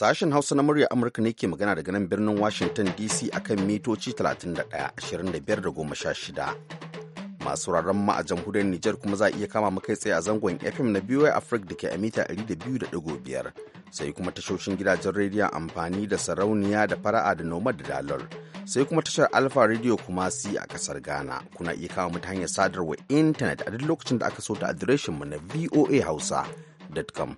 Sashen Hausa na murya Amurka ne ke magana daga nan birnin Washington DC akan mitoci 31-25-16. Masu rarren ma a jamhuriyar Nijar kuma za a iya kama makai tsaye a zangon FM na BYU Africa da ke a mita 200.5 sai kuma tashoshin gidajen rediyon amfani da sarauniya da fara'a da nomad da dalar. Sai kuma tashar alpha Radio kuma si a kasar Ghana. Kuna iya kama mata hanyar sadarwa intanet a duk lokacin da aka so ta mu na voa voahausa.com.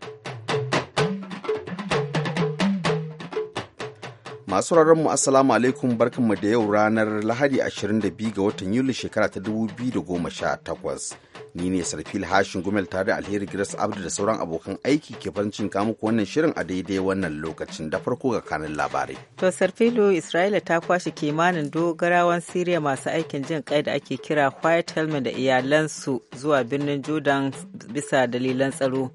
Masu mu Assalamu alaikum barkanmu da yau ranar Lahadi 22 ga watan Yuli shekara ta 2018. Ni ne Sarfil Hashin Gumel tare da Alheri Grace Abdu da sauran abokan aiki ke farin cin muku wannan shirin a daidai wannan lokacin da farko ga kanun labarai. To Sarfilo Isra'ila ta kwashe kimanin dogarawan Siriya masu aikin jin kai da ake kira White Helmet da iyalansu zuwa birnin Jordan bisa dalilan tsaro.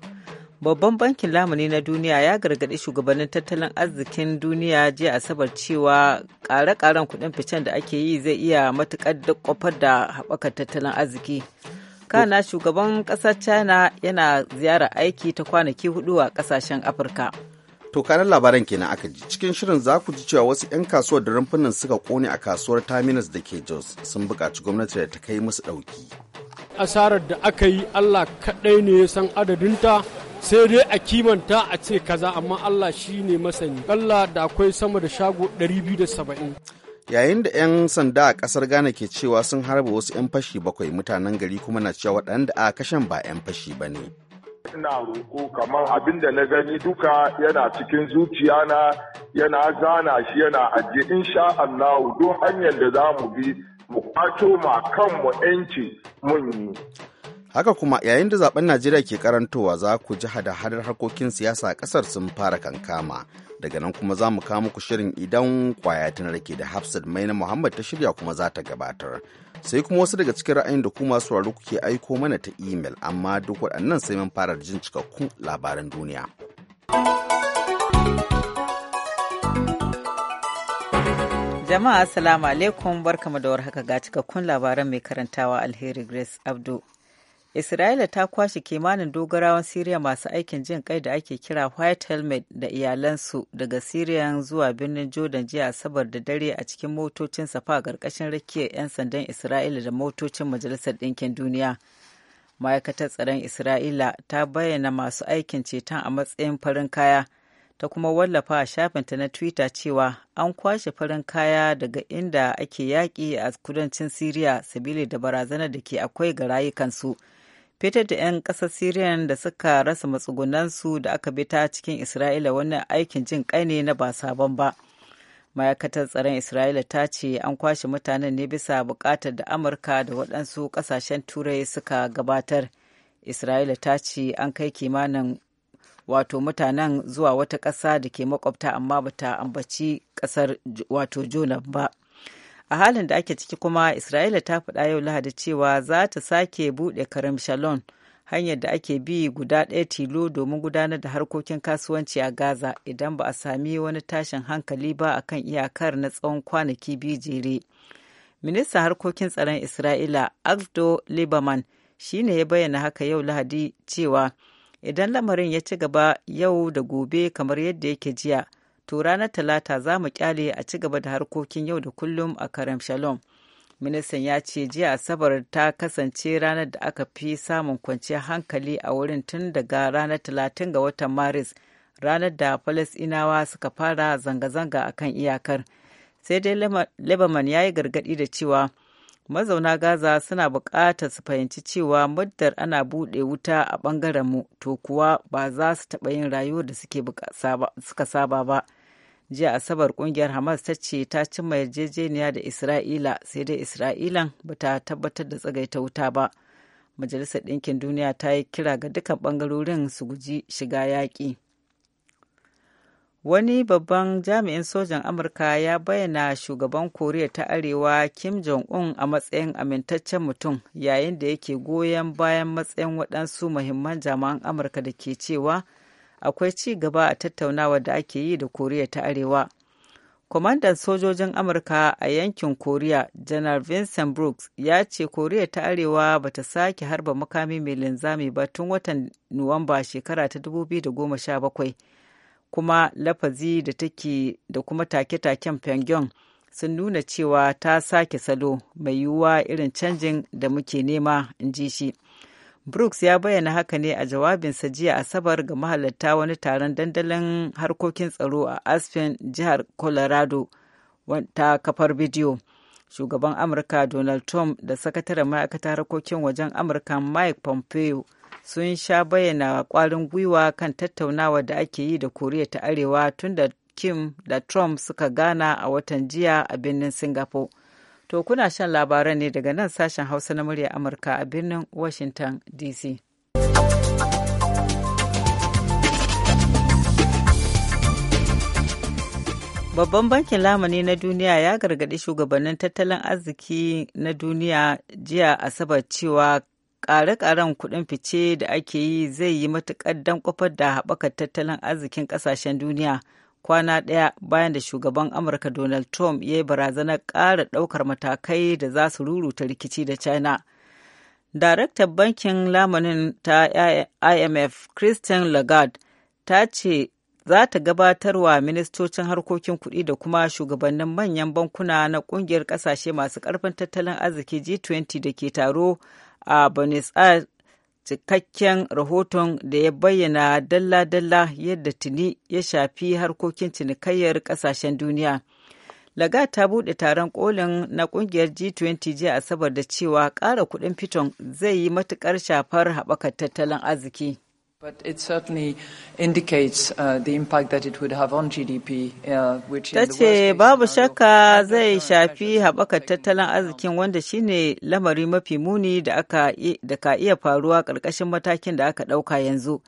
babban bankin lamuni na duniya ya gargaɗi shugabannin tattalin arzikin duniya jiya asabar cewa ƙare-ƙaren kuɗin ficen da ake yi zai iya matuƙar da ƙofar da haɓakar tattalin arziki kana shugaban ƙasar china yana ziyarar aiki ta kwanaki hudu a ƙasashen afirka to kanan labaran kenan aka ji cikin shirin za ku ji cewa wasu 'yan kasuwar da rumfunan suka kone a kasuwar terminus da ke jos sun buƙaci gwamnati da ta kai musu ɗauki asarar da aka yi allah kaɗai ne ya san adadinta sai dai a kimanta a ce kaza amma Allah shi ne masani Allah da akwai sama da shago 270 yayin da 'yan sanda a kasar ghana ke cewa sun harba wasu 'yan fashi bakwai mutanen gari kuma na cewa waɗanda a kashen ba 'yan fashi ba ne ina roƙo kamar abin da na gani duka yana cikin zuciya na yana zana shi yana ajiye insha Allah duk hanyar da za mu bi mu kwato ma kanmu 'yanci mun yi haka kuma yayin da zaben najeriya ke karantowa za ku ji hada-hadar harkokin siyasa a kasar sun fara kankama daga nan kuma za mu kawo muku shirin idan kwaya ta rake da hafsat na muhammad ta shirya kuma za ta gabatar sai kuma wasu daga cikin ra'ayin da kuma su sauraro kuke aiko mana ta imel amma duk waɗannan sai mun fara jin cikakkun labaran duniya jama'a assalamu alaikum barkamu da warhaka ga cikakkun labaran mai karantawa alheri grace abdu Isra'ila ta kwashe kimanin dogarawan Siriya masu aikin jin kai da ake kira White Helmet da iyalansu daga Siriya zuwa birnin Jordan jiya Asabar da dare a cikin motocin safa a ƙarƙashin rakiyar 'yan sandan Isra'ila da motocin Majalisar Ɗinkin Duniya. Ma'aikatar tsaron Isra'ila ta bayyana masu aikin ceton a matsayin farin kaya, ta kuma wallafa a shafinta na Twitter cewa an kwashe farin kaya daga inda ake yaƙi a kudancin Siriya sabili da barazanar da ke akwai ga rayukansu. su. fitar da 'yan ƙasar syrian da suka rasa matsugunansu da aka bi ta cikin isra'ila wani aikin jin ƙai ne na ba sabon ba ma'aikatar tsaron isra'ila ta ce an kwashe mutanen ne bisa buƙatar da amurka da waɗansu ƙasashen turai suka gabatar isra'ila ta ce an kai kimanin wato mutanen zuwa wata ƙasa da ke makwabta amma bata ambaci ƙasar wato jonab ba a halin da ake ciki kuma isra'ila ta faɗa yau lahadi cewa za ta sake buɗe karam shalon hanyar da ake bi guda ɗaya tilo domin gudanar da harkokin kasuwanci a gaza idan ba a sami wani tashin hankali ba a kan iyakar na tsawon kwanaki biyu jere ministan harkokin tsaron isra'ila agdo liberman shi ne ya bayyana haka yau lahadi cewa idan lamarin ya ci gaba yau da gobe kamar yadda yake jiya to ranar talata za mu kyale a ci gaba da harkokin yau da kullum a karam shalom ministan ya ce jiya asabar ta kasance ranar da aka fi samun kwanciyar hankali a wurin tun daga ranar talatin ga watan maris ranar da falasinawa suka fara zanga-zanga a kan iyakar sai dai lebanon ya yi gargadi da cewa mazauna gaza suna bukatar su fahimci cewa muddar ana buɗe wuta a bangaren mu to kuwa ba za su taɓa yin rayuwar da suka saba ba jiya asabar kungiyar hamas ta ce ta cimma yarjejeniya da isra'ila sai dai isra'ilan ba ta tabbatar da tsagaita wuta ba majalisar ɗinkin duniya ta yi kira ga duka ɓangarorin su guji shiga yaƙi wani babban jami'in sojan amurka ya bayyana shugaban koriya ta arewa kim jong-un a matsayin amintaccen mutum yayin da yake goyon bayan matsayin waɗansu muhimman jami'an amurka da ke cewa akwai ci gaba a tattaunawar da ake yi da koriya ta arewa kwamandan sojojin amurka a yankin koriya janar vincent brooks ya ce koriya ta arewa ba ta sake harba makami mai linzami ba tun watan nuwamba shekara ta 2017 kuma lafazi da take da kuma take-taken pyongyang sun nuna cewa ta sake salo mai yiwuwa irin canjin da muke nema in ji shi Brooks ya bayyana haka ne a jawabinsa jiya Asabar ga mahalarta wani taron dandalin harkokin tsaro a Aspen, jihar Colorado, ta kafar bidiyo. Shugaban Amurka Donald Trump da sakataren ma'aikatar harkokin wajen Amurka Mike Pompeo sun sha bayyana kwarin gwiwa kan tattaunawa da ake yi da Koriya ta Arewa tun da Kim da Trump suka gana a watan jiya a birnin Singapore. To kuna shan labaran ne daga nan sashen Hausa na murya Amurka a birnin Washington DC. Babban bankin lamani na duniya ya gargaɗi shugabannin tattalin arziki na duniya jiya Asabar cewa ƙare-ƙaren kuɗin fice da ake yi zai yi matuƙar dankwafar da haɓakar tattalin arzikin ƙasashen duniya. kwana ɗaya bayan da shugaban amurka donald trump ya yi barazanar ƙara ɗaukar matakai da za su ruruta rikici da china daraktar bankin lamanin ta imf christine lagarde ta ce za ta gabatarwa ministocin harkokin kuɗi da kuma shugabannin manyan bankuna na ƙungiyar ƙasashe masu ƙarfin tattalin arziki g20 da ke taro a buenos aires cikakken rahoton da ya bayyana dalla-dalla yadda tuni ya shafi harkokin cinikayyar ƙasashen duniya. Laga ta buɗe taron kolin na ƙungiyar G20 jiya Asabar da cewa ƙara kuɗin fiton zai yi matuƙar shafar haɓakar tattalin arziki. Uh, uh, ta ce babu shakka uh, zai shafi haɓakar tattalin arzikin wanda shine lamari mafi muni da ka iya faruwa ƙarƙashin matakin da aka ɗauka yanzu.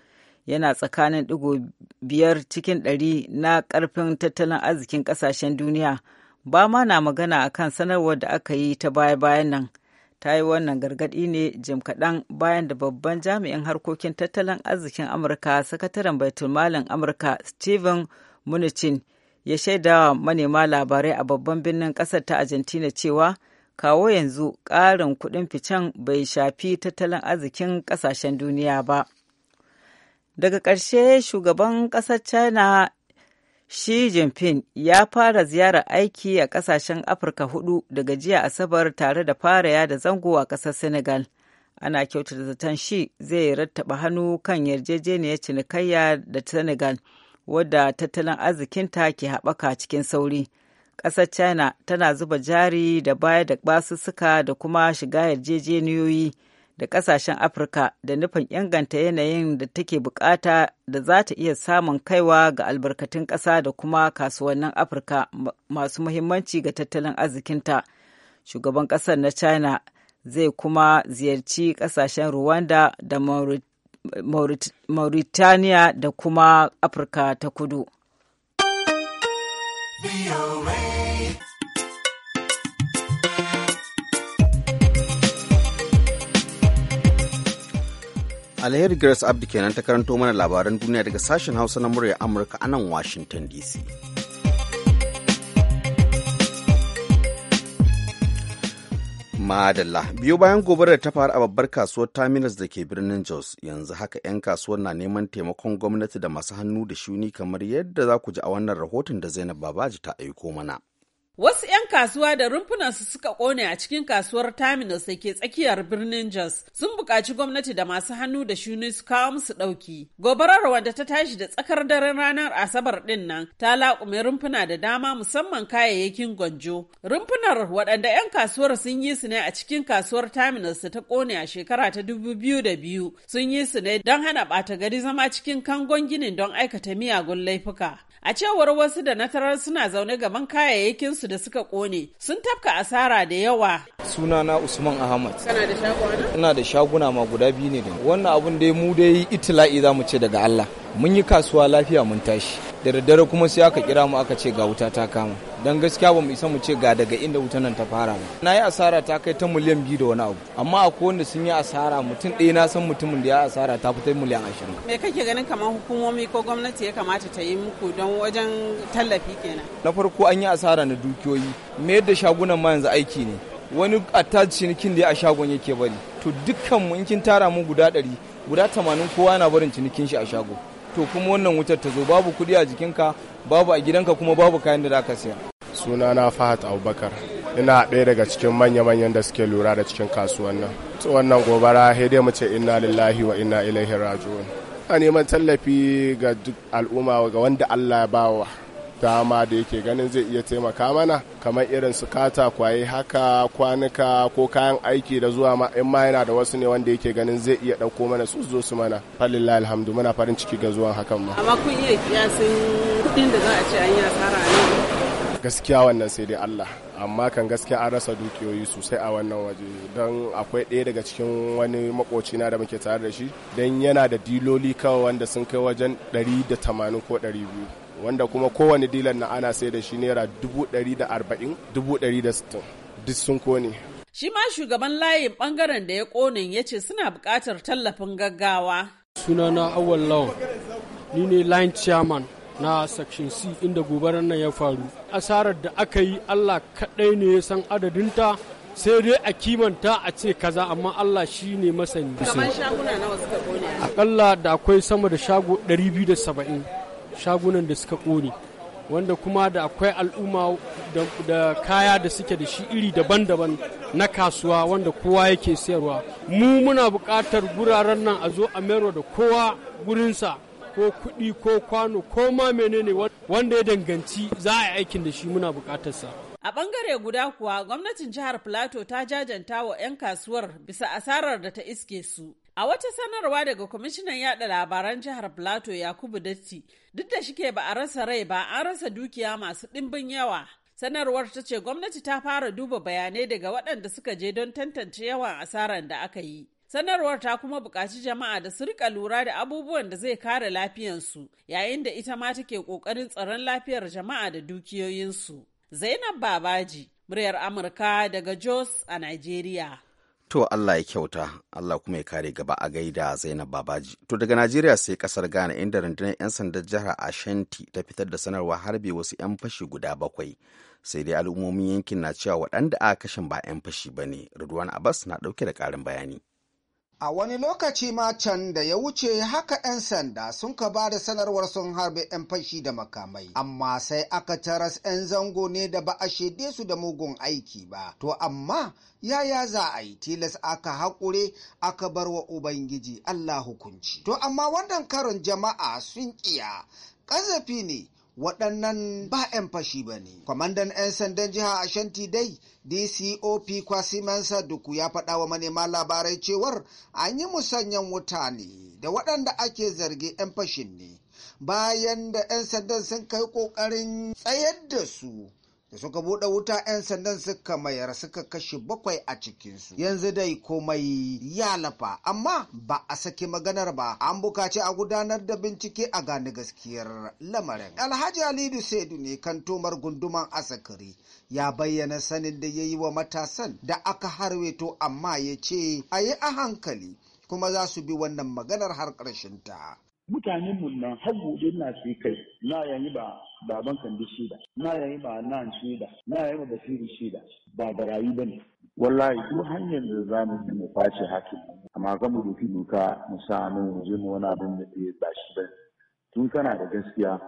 Yana tsakanin ɗigo biyar cikin ɗari na ƙarfin tattalin arzikin ƙasashen duniya. Ba ma na magana akan sanarwar da aka yi ta baya-bayan nan. ta yi wannan gargaɗi ne jim kaɗan bayan da babban jami'in harkokin tattalin arzikin amurka sakataren malin amurka steven munichin ya shaida wa manema labarai a babban birnin ƙasar ta argentina cewa kawo yanzu ƙarin kuɗin ficen bai shafi tattalin arzikin ƙasashen duniya ba daga ƙarshe shugaban ƙasar china Xi Jinping ya fara ziyarar aiki a ƙasashen Afirka hudu daga jiya Asabar tare da fara yada zango a ƙasar Senegal. Ana kyautata zaton shi zai rattaba hannu kan yarjejeniyar cinikayya da Senegal, wadda tattalin arzikinta ke haɓaka cikin sauri. Ƙasar China tana zuba jari da baya da basussuka da kuma shiga yarjejeniyoyi da kasashen afirka da nufin inganta yanayin da take bukata da za ta iya samun kaiwa ga albarkatun ƙasa da kuma kasuwannin afirka masu muhimmanci ga tattalin arzikinta shugaban ƙasar na china zai kuma ziyarci ƙasashen rwanda da mauritania da kuma afirka ta kudu. Alheri Grace Abdi kenan ta karanto mana labaran duniya daga sashen Hausa na murya Amurka a nan Washington DC. Madalla biyo bayan gobarar ta faru a babbar kasuwar Terminus da ke birnin Jos yanzu haka 'yan kasuwar na neman taimakon gwamnati da masu hannu da shuni kamar yadda za ku ji a wannan rahoton da Zainab Babaji ta aiko mana. Wasu kasuwa da rumfunansu suka kone a cikin kasuwar terminus da ke tsakiyar birnin Jos sun buƙaci gwamnati da masu hannu da shuni su kawo musu ɗauki. Gobarar wanda ta tashi da tsakar daren ranar Asabar ɗin nan ta laƙume rumfuna da dama musamman kayayyakin gwanjo. Rumfunar waɗanda 'yan kasuwar sun yi su ne a cikin kasuwar terminus da ta kone a shekara ta biyu sun yi su ne don hana ɓata gari zama cikin kangon ginin don aikata miyagun laifuka. A cewar wasu da na tarar suna zaune gaban kayayyakin su da suka kone sun tafka asara da yawa. Sunana Usman Ahmad. Kana da shaguna? Ina da shaguna ma guda biyu ne. Wannan abun dai mu dai itila'i za mu ce daga Allah. Mun yi kasuwa lafiya mun tashi. Da daddare kuma sai aka kira mu aka ce ga wuta ta kama. don gaskiya ba mu isa mu ce ga daga inda wutan nan ta fara ba na yi asara ta kai ta miliyan biyu da wani abu amma a wanda sun yi asara mutum ɗaya na san mutumin da ya asara ta fitar miliyan ashirin me kake ganin kamar hukumomi ko gwamnati ya kamata ta yi muku don wajen tallafi kenan na farko an yi asara na dukiyoyi me yadda shagunan ma yanzu aiki ne wani attaji cinikin da ya a shagon yake bari to dukkan mu in kin tara mu guda ɗari guda tamanin kowa yana barin cinikin shi a shago to kuma wannan wutar ta zo babu kuɗi a jikinka babu a gidanka kuma babu kayan da za ka siya Suna na fahad abubakar ina ɗaya daga cikin manya-manyan da suke lura da cikin kasuwan nan wannan gobara dai mu ce inna lillahi wa inna ilaihi raji'un a neman tallafi ga duk al'umma ga wanda allah ya bawa dama da yake ganin zai iya taimaka mana kamar irin su kata kwaye haka kwanuka ko kayan aiki da zuwa ma in ma yana da wasu ne wanda yake ganin zai iya ɗauko mana su zo su mana falilla alhamdu muna farin ciki ga zuwan hakan ma amma kun iya kiyasin kuɗin da za a ce an yi asara ne gaskiya wannan sai dai Allah amma kan gaskiya an rasa dukiyoyi sosai a wannan waje don akwai ɗaya daga cikin wani makocina da muke tare da shi don yana da diloli kawai wanda sun kai wajen 180 ko 200 wanda kuma kowane dilan na ana sai da shi naira dubu ɗari da arba'in dubu ɗari da sittin duk sun kone shi ma shugaban layin bangaren da ya konin ya ce suna buƙatar tallafin gaggawa sunana awal law ni ne line chairman na section c inda gobarar nan ya faru asarar da aka yi allah kaɗai ne ya san adadinta sai dai a kimanta a ce kaza amma Allah shi ne masani. Kamar shaguna nawa suka kone? Akalla da akwai sama da shago 270. shagunan da suka ƙone wanda kuma da akwai al'umma da kaya da suke da shi iri daban-daban na kasuwa wanda kowa yake sayarwa mu muna buƙatar guraren nan a zo a mero da kowa gurinsa ko kuɗi ko kwano ko ma menene wanda ya danganci za a yi aikin da shi muna buƙatarsa a ɓangare guda kuwa gwamnatin jihar plateau ta jajanta wa 'yan kasuwar bisa asarar da ta iske su A wata sanarwa daga kwamishinan yada labaran jihar Plateau Yakubu Datti, duk da shike ba a rasa rai ba an rasa dukiya masu ɗimbin yawa. Sanarwar ta ce gwamnati ta fara duba bayanai daga waɗanda suka je don tantance yawan asaran da aka yi. Sanarwar ta kuma buƙaci jama'a da su rika lura da abubuwan da zai kare lafiyansu yayin da ita ma take ƙoƙarin tsaron lafiyar jama'a da dukiyoyinsu. Zainab Babaji, muryar Amurka daga Jos a Najeriya. To Allah ya kyauta, Allah kuma ya kare gaba a gaida Zainab Babaji. To daga Najeriya sai kasar Ghana inda rundunar 'yan sandar jihar Ashanti ta fitar da sanarwa harbe wasu 'yan fashi guda bakwai. Sai dai al'ummomin yankin na cewa waɗanda aka kashin ba 'yan fashi ba ne. Ridwan Abbas na ɗauke da ƙarin bayani. A wani lokaci ma can da ya wuce haka 'yan sanda sun ka ba da sanarwar sun harbe 'yan fashi da makamai, amma sai aka taras 'yan zango ne da ba a shaide su da mugun aiki ba. To amma yaya za a yi tilas aka haƙure aka bar wa Ubangiji Allah hukunci. To amma wannan karin jama'a sun ƙiya, ƙazafi ne. waɗannan ba 'yan fashi ba ne. Kwamandan 'yan sandan jiha a Ashanti dai DCOP Mansa Duku ya faɗa wa manema labarai cewar an yi musanyen wuta ne da waɗanda ake zargi 'yan fashin ne. Bayan da 'yan sandan sun kai ƙoƙarin tsayar da su da suka buɗe wuta 'yan sandan suka mayar suka kashe bakwai a cikinsu yanzu dai komai ya lafa amma ba a saki maganar ba an bukaci a gudanar da bincike a gane gaskiyar lamarin alhaji alidu saidu ne kan tomar gunduman asakari ya bayyana sanin da ya yi wa matasan da aka to amma ya ce a yi a hankali kuma za su bi wannan maganar har ƙarshen ta mutanen mun nan har gobe na sai kai na yayi ba baban shi shida na yayi ba nan shida na yayi ba shi da ba barayi bane wallahi duk hanyar da za mu mu kwace hakin amma ga mu doki doka mu sa mu je mu wani abin da ba shi ba tun kana da gaskiya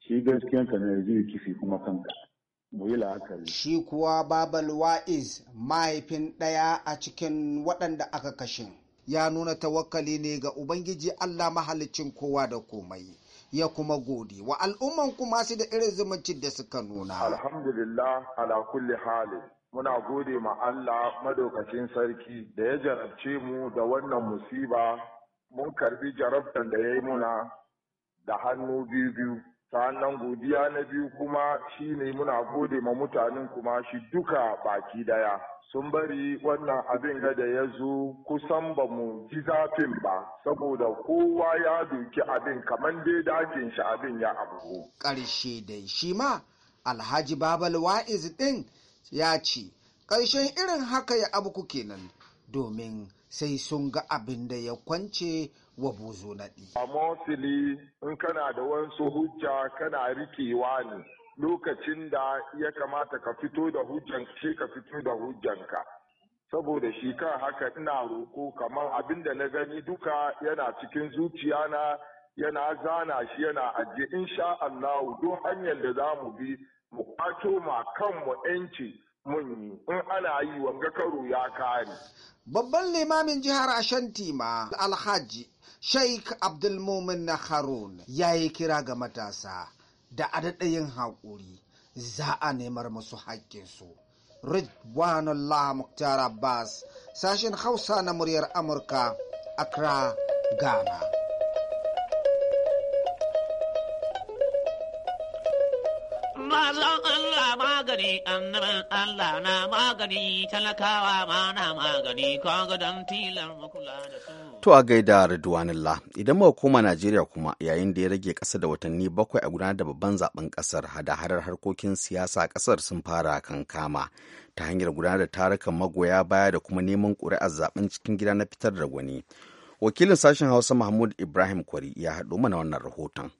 shi ka ne zai kifi kuma kanka Mu yi la'akari Shi kuwa Babal Wa'iz mahaifin ɗaya a cikin waɗanda aka kashe. ya nuna tawakali ne ga ubangiji allah mahalicin kowa da komai ya kuma gode wa al'umman kuma su da irin zumuncin da suka nuna alhamdulillah ala kulli halin muna gode ma allah madaukacin sarki da ya jarabce mu da wannan musiba mun karbi jarabtar da ya yi muna da hannu biyu biyu sa'annan godiya na biyu kuma shine muna gode ma mutanen kuma shi duka baki daya sun bari wannan abin da ya zo kusan ba mu ji zafin ba saboda kowa ya doki abin kamar dai dakin shi abin ya abu ƙarshe da shi ma alhaji babal wa'iz ɗin ya ce ƙarshen irin haka ya abu kenan domin sai sun ga abin da ya kwance wa bozo naɗi. A mosili in kana da wasu hujja kana rikewa ne lokacin da ya kamata ka fito da hujjan shi ka fito da hujjanka. Saboda shi kan haka ina roko kamar abin da na gani duka yana cikin zuciya na yana zana shi yana ajiye insha Allah duk hanyar da za mu bi mu kwato ma kanmu 'yanci mun in ana yi wanga karo ya kare babban limamin jihar ashanti ma alhaji sheikh abdulmumin na harun ya yi kira ga matasa da adadayin haƙuri za a nemar musu haƙƙinsu ridwanullah muktar abbas sashen hausa na muryar amurka accra ghana magani annaban Allah na magani talakawa ma na magani kaga don tilar makula da To a gaida Ridwanullah idan muka koma Najeriya kuma yayin da ya rage ƙasa da watanni bakwai a gudanar da babban zaben ƙasar hada-hadar harkokin siyasa kasar ƙasar sun fara kankama ta hanyar gudanar da tarukan magoya baya da kuma neman ƙuri'ar zaben cikin gida na fitar da gwani. Wakilin sashen Hausa Mahmud Ibrahim Kwari ya haɗo mana wannan rahoton.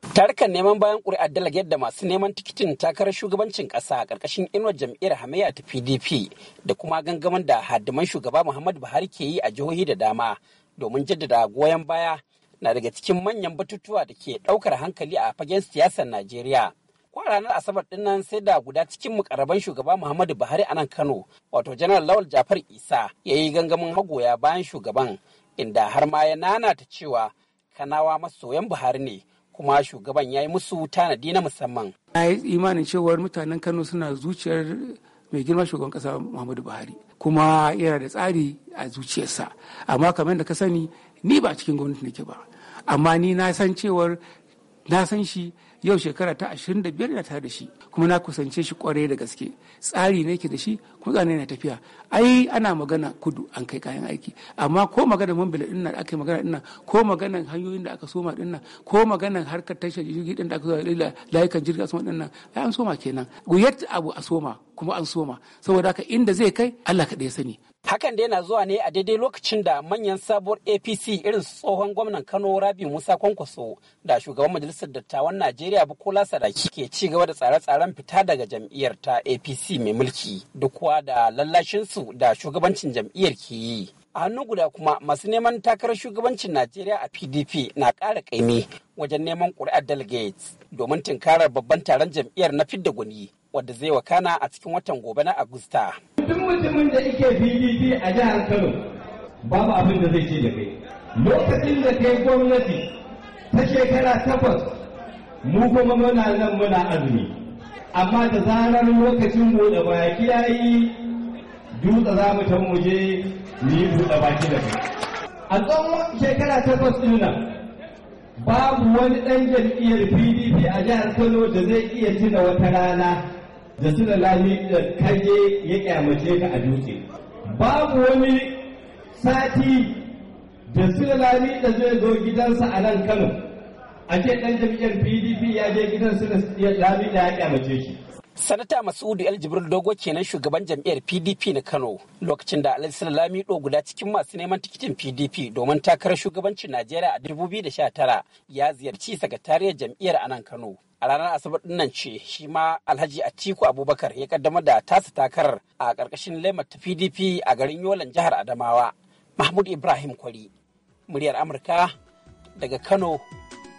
Tarukan neman bayan ƙuri'ar dalaget da masu neman tikitin takarar shugabancin ƙasa a ƙarƙashin inuwar jam'iyyar hamayya ta PDP da kuma gangamin da hadiman shugaba Muhammadu Buhari ke yi a jihohi da dama domin jaddada goyon baya na daga cikin manyan batutuwa da ke ɗaukar hankali a fagen siyasar Najeriya. Ko ranar Asabar ɗin nan sai da guda cikin mukarraban shugaba Muhammadu Buhari a nan Kano, wato Janar Lawal Jafar Isa ya yi gangamin magoya bayan shugaban inda har ma ya nanata cewa Kanawa masoyan Buhari ne. kuma shugaban ya yi musu tanadi na musamman. Na yi imanin cewar mutanen Kano suna zuciyar mai girma shugaban kasa Muhammadu Buhari kuma yana da tsari a zuciyarsa amma kamar da ka sani ni ba cikin gwamnati nake ba amma ni na san cewar na san shi yau shekara ta 25 na tare da shi kuma na kusance shi kwarai da gaske tsari ne ke da shi kuma zane na tafiya ai ana magana kudu an kai kayan aiki amma ko magana mambila bila dinnan aka magana dinnan ko magana hanyoyin da aka soma dinnan ko magana harkar tashar jirgi din da aka zo layukan jirgin soma dinnan ai an soma kenan guyar abu a soma kuma an soma saboda haka inda zai kai Allah kaɗai ya sani Hakan da yana zuwa ne a daidai lokacin da manyan sabuwar APC irin tsohon gwamnan Kano Rabi Musa Kwankwaso da shugaban majalisar dattawan Najeriya Bukola Sadaki ke ci gaba da tsare-tsaren fita daga jam'iyyar ta APC mai mulki duk kuwa da lallashinsu da shugabancin jam'iyyar ke yi. A hannu guda kuma masu neman takarar shugabancin Najeriya a PDP na ƙara ƙaimi wajen neman ƙuri'ar delegates domin tunkarar babban taron jam'iyyar na fidda gwani wadda zai wakana a cikin watan gobe na Agusta. Duk mutumin da yake PDP a jihar Kano babu abin da zai ce da kai. Lokacin da kai gwamnati ta shekara takwas mu kuma muna nan muna azumi. Amma da zarar lokacin da baki ya yi dutse za mu tamu muje mu yi buɗe baki da kai. A tsawon shekara takwas ɗin nan babu wani ɗan jam'iyyar pdp a jihar kano da zai iya tuna wata rana da suna lami da kage ya kyamace ka a dutse babu wani sati da suna lami da zai zo gidansa a nan kano a ce dan jam'iyyar pdp ya je gidan suna lami da ya kyamace shi sanata masudu el jibril dogo kenan shugaban jam'iyyar pdp na kano lokacin da alhaji lamido guda cikin masu neman tikitin pdp domin takarar shugabancin najeriya a 2019 ya ziyarci sakatariyar jam'iyyar a nan kano a ranar asabar dinnan ce shi ma alhaji atiku abubakar ya kaddamar da tasa takarar a ƙarƙashin lemar ta pdp a garin yolan jihar adamawa mahmud ibrahim kwari muryar amurka daga kano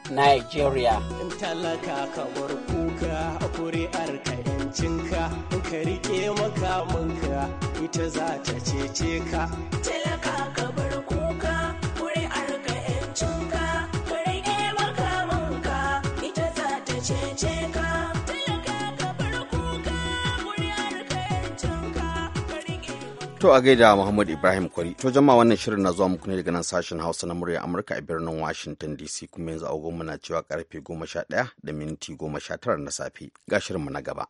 nigeria ka bar makamanka ita za ta cece ka To a gaida Muhammad Ibrahim Kwari. To jama'a wannan shirin na zuwa muku ne daga nan sashen Hausa na murya Amurka a birnin Washington DC kuma yanzu agogon muna cewa karfe 11 da minti 19 na safe. Ga shirin mu na gaba.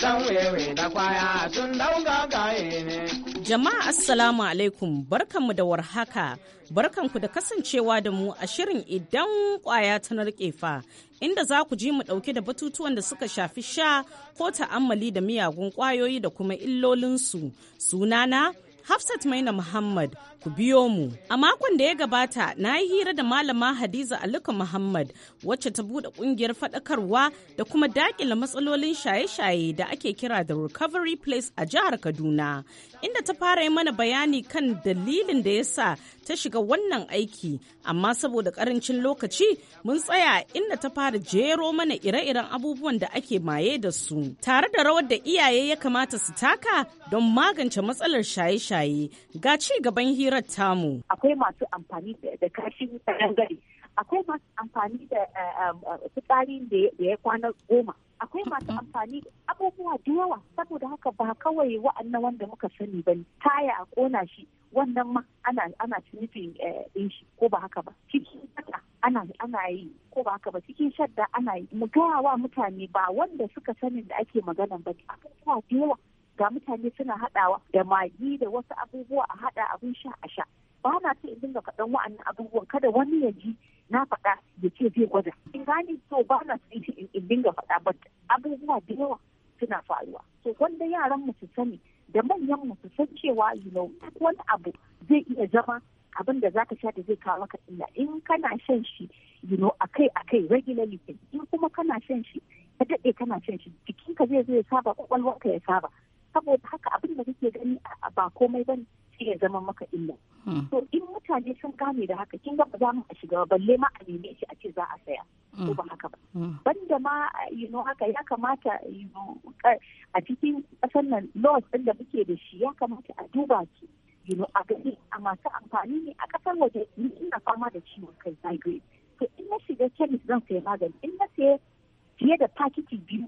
Dan da kwaya sun dauga gaye ne. Jama'a Assalamu alaikum barkanmu da warhaka barkanku da kasancewa da mu a shirin idan kwaya ta narke fa inda za ku ji mu ɗauke da batutuwan da suka shafi sha ko ta'ammali da miyagun kwayoyi da kuma illolinsu sunana Hafsat Maina Muhammad ku biyo mu. A makon da ya gabata na yi hira da malama Hadiza Aluka Muhammad wacce ta buɗe ƙungiyar faɗakarwa da kuma daƙila matsalolin shaye-shaye da ake kira da Recovery Place a jihar Kaduna. Inda ta fara yi mana bayani kan dalilin da ya sa ta shiga wannan aiki amma saboda ƙarancin lokaci mun tsaya inda ta fara jero mana ire-iren abubuwan da ake maye da su tare da rawar da iyaye ya kamata su taka don magance matsalar shaye-shaye. shaye ga ci gaban hirar tamu. Akwai masu amfani da kashin gari, akwai masu amfani da eh, eh, eh, fitsari da ya kwana goma. Akwai masu amfani abubuwa da yawa saboda haka ba kawai wa'annan wanda muka sani ba taya a kona shi wannan ma ana ana cinifin ɗin shi ko ba haka ba cikin shadda ana ana yi ko ba haka ba cikin shadda ana yi mu gaya wa mutane ba wanda suka sanin da ake magana ba abubuwa da yawa ga mutane suna haɗawa da magi da wasu abubuwa a haɗa abin sha a sha ba na so in dinga faɗan wa'annan abubuwan kada wani ya ji na faɗa ya ce zai gwada in gane so ba na so in dinga faɗa ba abubuwa da yawa suna faruwa so wanda yaran mu su sani da manyan mu su san cewa you know duk wani abu zai iya zama abin da zaka sha da zai kawo maka illa in kana shan shi you know akai akai regularly in kuma kana shan shi ka daɗe kana shan shi jikinka zai zo ya saba kwakwalwarka ya saba saboda haka abin da kake gani ba komai bane sai ya zama maka illa hmm. to in mutane sun gane da haka kin ga ba za mu a shiga balle ma a neme shi a ce za a saya ko hmm. ba haka ba hmm. banda ma you know haka ya kamata a cikin kasar nan laws din da muke da shi ya kamata a duba shi you know a gani a masu amfani ne a kasar waje ni ina fama da ciwon kai migraine to in na shiga chemist zan sayi magani in na sayi fiye da pakiti biyu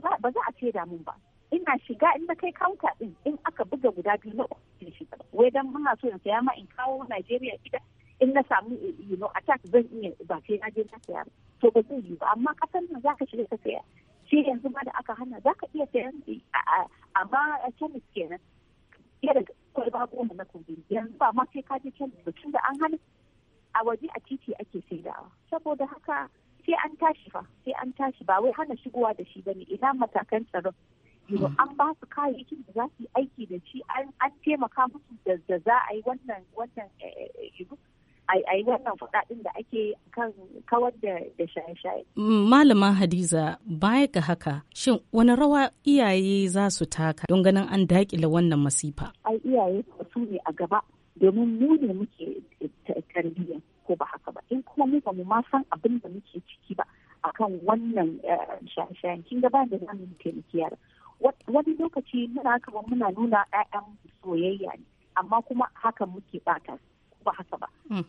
ba za a ce damun ba ina shiga in na kai kanta din in aka buga guda biyu na ofishin shi wai dan muna so in saya ma in kawo Najeriya gida in na samu you know attack zan iya ba sai na je na saya to ba zai yi ba amma kasan nan zaka shiga ka saya shi yanzu ma da aka hana zaka iya sayan amma a kemis kenan yadda da kwalba goma na kogin yanzu ba ma sai ka je can ba tunda an hana a waje a titi ake saidawa saboda haka sai an tashi fa sai an tashi ba wai hana shigowa da shi bane ina matakan tsaron an ba su kayayyakin da za su yi aiki da shi an taimaka musu da za a yi wannan wannan eh, eh, a wannan kudaden da ake kan kawar da shaye-shaye. Malama Hadiza baya ga haka shin wani rawa iyaye za su taka don ganin an dakile wannan masifa? Ai iyaye su ne a gaba domin mu ne muke tarbiyya ko ba haka ba in kuma mu ba mu ma san abin da muke ciki ba akan wannan eh, shaye-shayen kin gaba da zamu taimaki yara wani lokaci muna kamar muna nuna 'ya'yan soyayya ne amma kuma hakan muke bata ba haka ba hmm.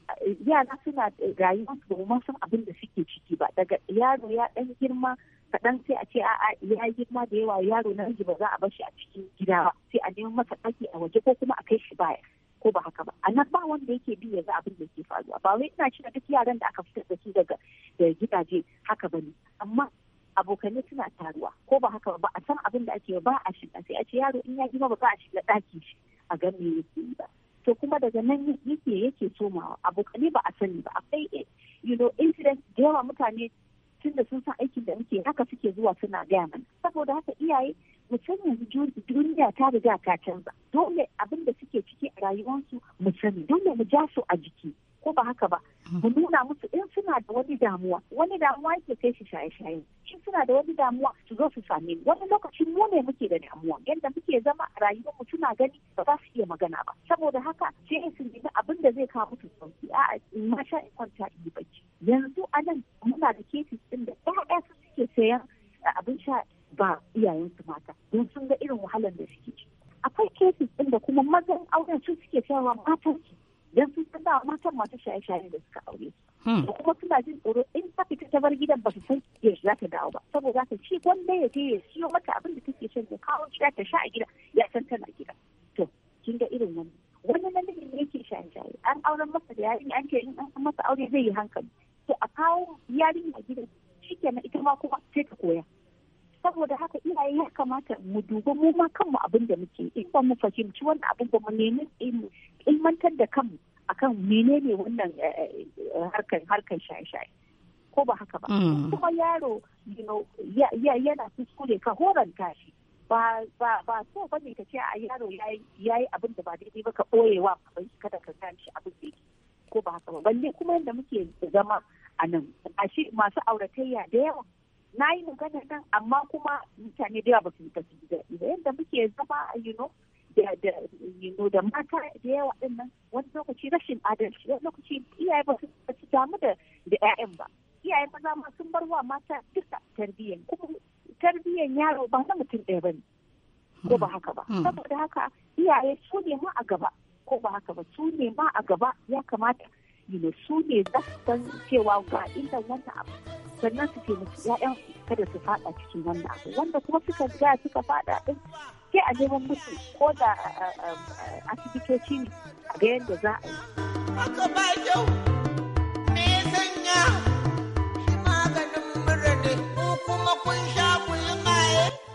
yara suna rayuwa ba kuma san abin da suke ciki ba daga yaro ya ɗan girma kaɗan sai a ce a'a ya girma da yawa yaro na ba za a bar shi a cikin gida ba sai a neman masa ɗaki a waje ko kuma a kai shi baya ko ba haka ba a nan ba wanda yake bi ya ga abin da ke faruwa ba wai ina cewa duk yaran da aka fitar da su daga gidaje haka bane amma abokanai suna taruwa ko ba haka ba a san abin da ake ba a shiga sai a ce yaro in ya girma ba a shiga ɗaki shi a ga me yake yi ba to kuma daga nan yake yake somawa abokanai ba a sani ba akwai you know incident da yawa mutane tun da sun san aikin da muke haka suke zuwa suna gaya mana saboda haka iyaye mu san yanzu duniya ta riga ta canza dole abin da suke ciki a rayuwarsu mu sani dole mu ja su a jiki ko ba haka ba mu nuna musu in suna da wani damuwa wani damuwa yake kai shi shaye-shaye shi suna da wani damuwa su zo su same ni wani lokacin mu ne muke da damuwa yadda muke zama a rayuwar mu suna gani ba za su iya magana ba saboda haka sai su nemi abin da zai kawo musu sauki a ma sha in kwanta in yi bacci yanzu a nan muna da kesi din da ɗaya su suke sayan abin sha ba iyayensu mata don sun ga irin wahalar da suke ci akwai kesi din da kuma mazan auren su suke sayarwa matan su dan sun san matan masu shaye-shaye da suka aure su. Hmm. kuma suna jin tsoro in ta fita ta bar gidan ba su san yaushe za ta dawo ba saboda ta ci wanda ya je ya siyo mata abin da take shan ta kawo shi ta sha a gida ya san tana gida to kin ga irin wannan wani nan ne yake shaye-shaye an auren masa da yarinya an ce in an masa aure zai yi hankali to a kawo yarinya gidan shi kenan ita ma kuma sai ta koya saboda haka iyaye ya kamata mu duba mu ma kanmu abin da muke in ba mu fahimci wannan abin ba mu nemi ilmantar da kanmu akan menene wannan eh, eh, harkan harkar shaye-shaye ko ba haka ba mm. kuma yaro yana kuskure ka horanta shi ba so ba so ka ce a yaro yayi abin da ba daidai ba ka boyewa ba kada ka gane shi abin da ko ba haka ba balle kuma yadda muke zama a nan a masu auratayya da yawa na yi magana nan amma kuma mutane da yawa ba su yi su yadda muke zama you know da da you know da mata da yawa din nan wani lokaci rashin adalci wani lokaci iyaye ba su ba su damu da da ba iyaye maza ma sun bar wa mata duka tarbiyyan kuma tarbiyyan yaro ba na mutum ɗaya ba ne ko ba haka ba hmm. saboda haka iyaye su ne ma a gaba ko ba haka ba su ne ma a gaba ya kamata you know su ne za su san cewa ga inda wannan abu sannan su taimaki ya'yan kada su fada cikin wannan abu wanda kuma suka ga suka fada din sai a neman musu ko da asibitoci ne a ga yadda za a yi.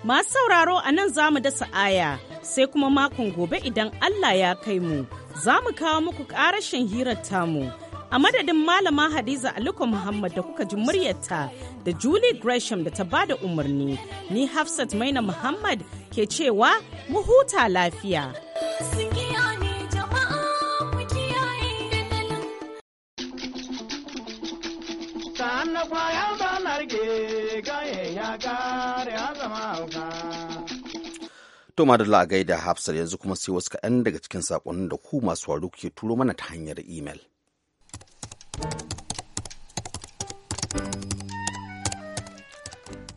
Masu sauraro a nan za mu dasa aya sai kuma makon gobe idan Allah ya kai mu za mu kawo muku ƙarashin hirar tamu. a madadin malama hadiza aliko muhammad da kuka ji muryarta da julie gresham da ta ba da umarni ni hafsat maina muhammad ke cewa mu huta lafiya na kwayan sanar gaida Hafsat yanzu kuma sai wasu kaɗan daga cikin saƙonnin da ku masu waro ke turo mana ta hanyar imel.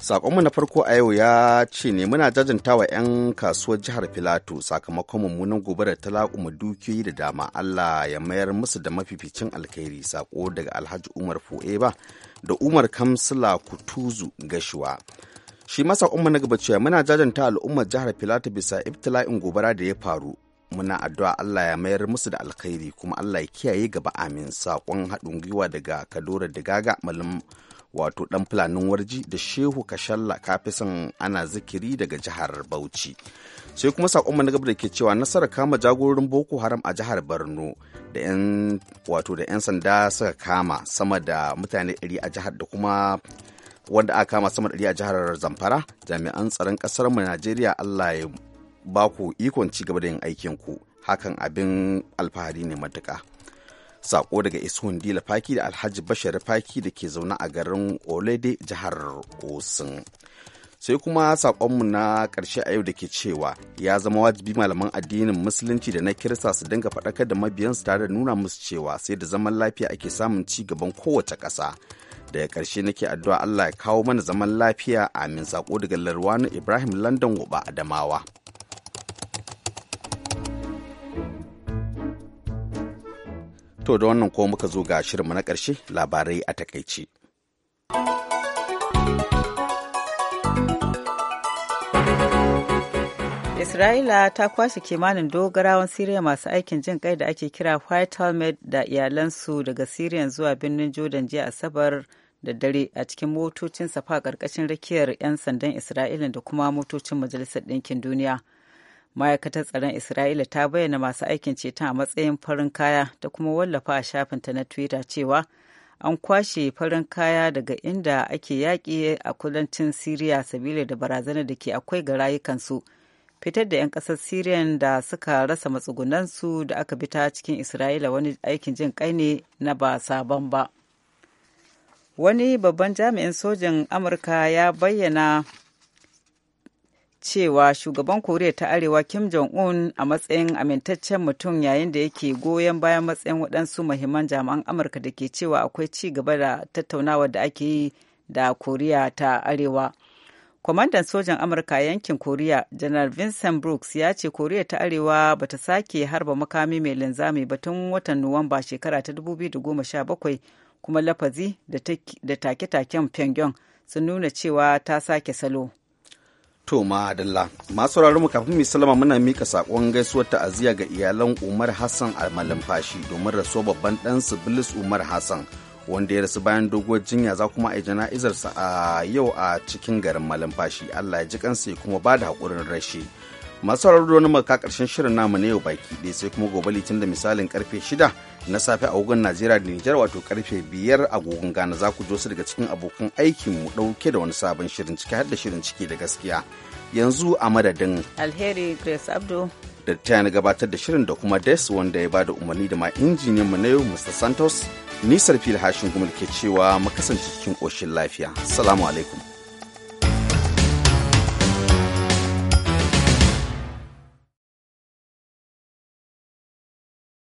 saƙonmu na farko a yau ya ce ne muna jajanta wa 'yan kasuwar jihar Filato sakamakon mummunan gobarar ta laƙuma dukiyoyi da dama Allah ya mayar musu da mafificin alkhairi sako daga Alhaji Umar fueba da Umar Kamsila Kutuzu Gashuwa. Shi masa umar na gaba cewa muna jajanta al'ummar jihar Filato bisa ibtila'in gobara da ya faru muna addu'a Allah ya mayar musu da alkhairi kuma Allah ya kiyaye gaba amin saƙon haɗin gwiwa daga Kadora da Gaga malam wato ɗan fulanin warji da Shehu Kashalla kafisan ana zikiri daga jihar Bauchi. Sai kuma saƙon na gaba da ke cewa nasarar kama jagororin Boko Haram a jihar Borno da 'yan wato da 'yan sanda suka kama sama da mutane 100 a jihar da kuma wanda aka kama sama da a jihar Zamfara jami'an tsaron kasar mu Najeriya Allah ya ba ku ikon ci gaba da yin aikin ku hakan abin alfahari ne matuka sako daga isuhun dila faki da alhaji bashar faki da ke zaune a garin olede jihar osun sai kuma sakonmu na ƙarshe a yau da ke cewa ya zama wajibi malaman addinin musulunci da na kirista su dinga faɗakar da mabiyansu tare da nuna musu cewa sai da zaman lafiya ake samun ci gaban kowace ƙasa daga ƙarshe nake addu'a Allah ya kawo mana zaman lafiya amin sako daga larwanu Ibrahim London Guba Adamawa. To da wannan kuma muka zo ga shirinmu na ƙarshe labarai a takaici. Isra'ila ta kwashe kimanin dogarawan Siriya masu aikin jin kai da ake kira White Helmet da iyalansu daga Siriya zuwa birnin Jordan jiya Asabar da dare a cikin motocin safa ƙarƙashin rakiyar 'yan sandan Isra'ila da kuma motocin Majalisar Ɗinkin Duniya. ma'aikatar tsaron isra'ila ta bayyana masu aikin ceton a matsayin farin kaya ta kuma wallafa a shafinta na twitter cewa an kwashe farin kaya daga inda ake yaƙi a kudancin siriya sabila da barazanar da ke akwai ga rayukansu fitar da 'yan ƙasar syrian da suka rasa matsugunansu da aka bi ta cikin isra'ila wani aikin jin kai ne na ba sabon ba wani babban jami'in sojin amurka ya bayyana cewa shugaban koriya ta arewa kim jong-un a matsayin amintaccen mutum yayin da yake goyon bayan matsayin waɗansu mahimman jami'an amurka da ke cewa akwai ci gaba da tattaunawa da ake yi da koriya ta arewa kwamandan sojan amurka yankin koriya janar vincent brooks ya ce koriya ta arewa ba ta sake harba makami mai linzami ba tun watan nuwamba shekara ta 2017 kuma lafazi da take-taken pyongyang sun nuna cewa ta sake salo To Adalla, masu mu kafin mu salama muna mika sakon gaisuwar ta'aziyya ga iyalan Umar Hassan a Malamfashi domin raso babban ɗansu Bilis Umar Hassan wanda ya rasu bayan doguwar jinya za kuma a jana'izarsa a yau a cikin garin Malamfashi. Allah ya ji kansa ya kuma bada haƙurin rashi. Masu sauraro mu maka karshen shirin namu na yau baki ɗaya sai kuma gobe litin da misalin karfe shida na safe a wugan Najeriya da Nijar wato karfe biyar agogon gana za ku ji daga cikin abokan aikin mu dauke da wani sabon shirin ciki har da shirin ciki da gaskiya. Yanzu a madadin Alheri Grace abdo. da ta gabatar da shirin da kuma Des wanda ya bada umarni da ma injiniyan mu na yau Mr. Santos nisar fil hashin gumal ke cewa mu kasance cikin koshin lafiya. Assalamu alaikum.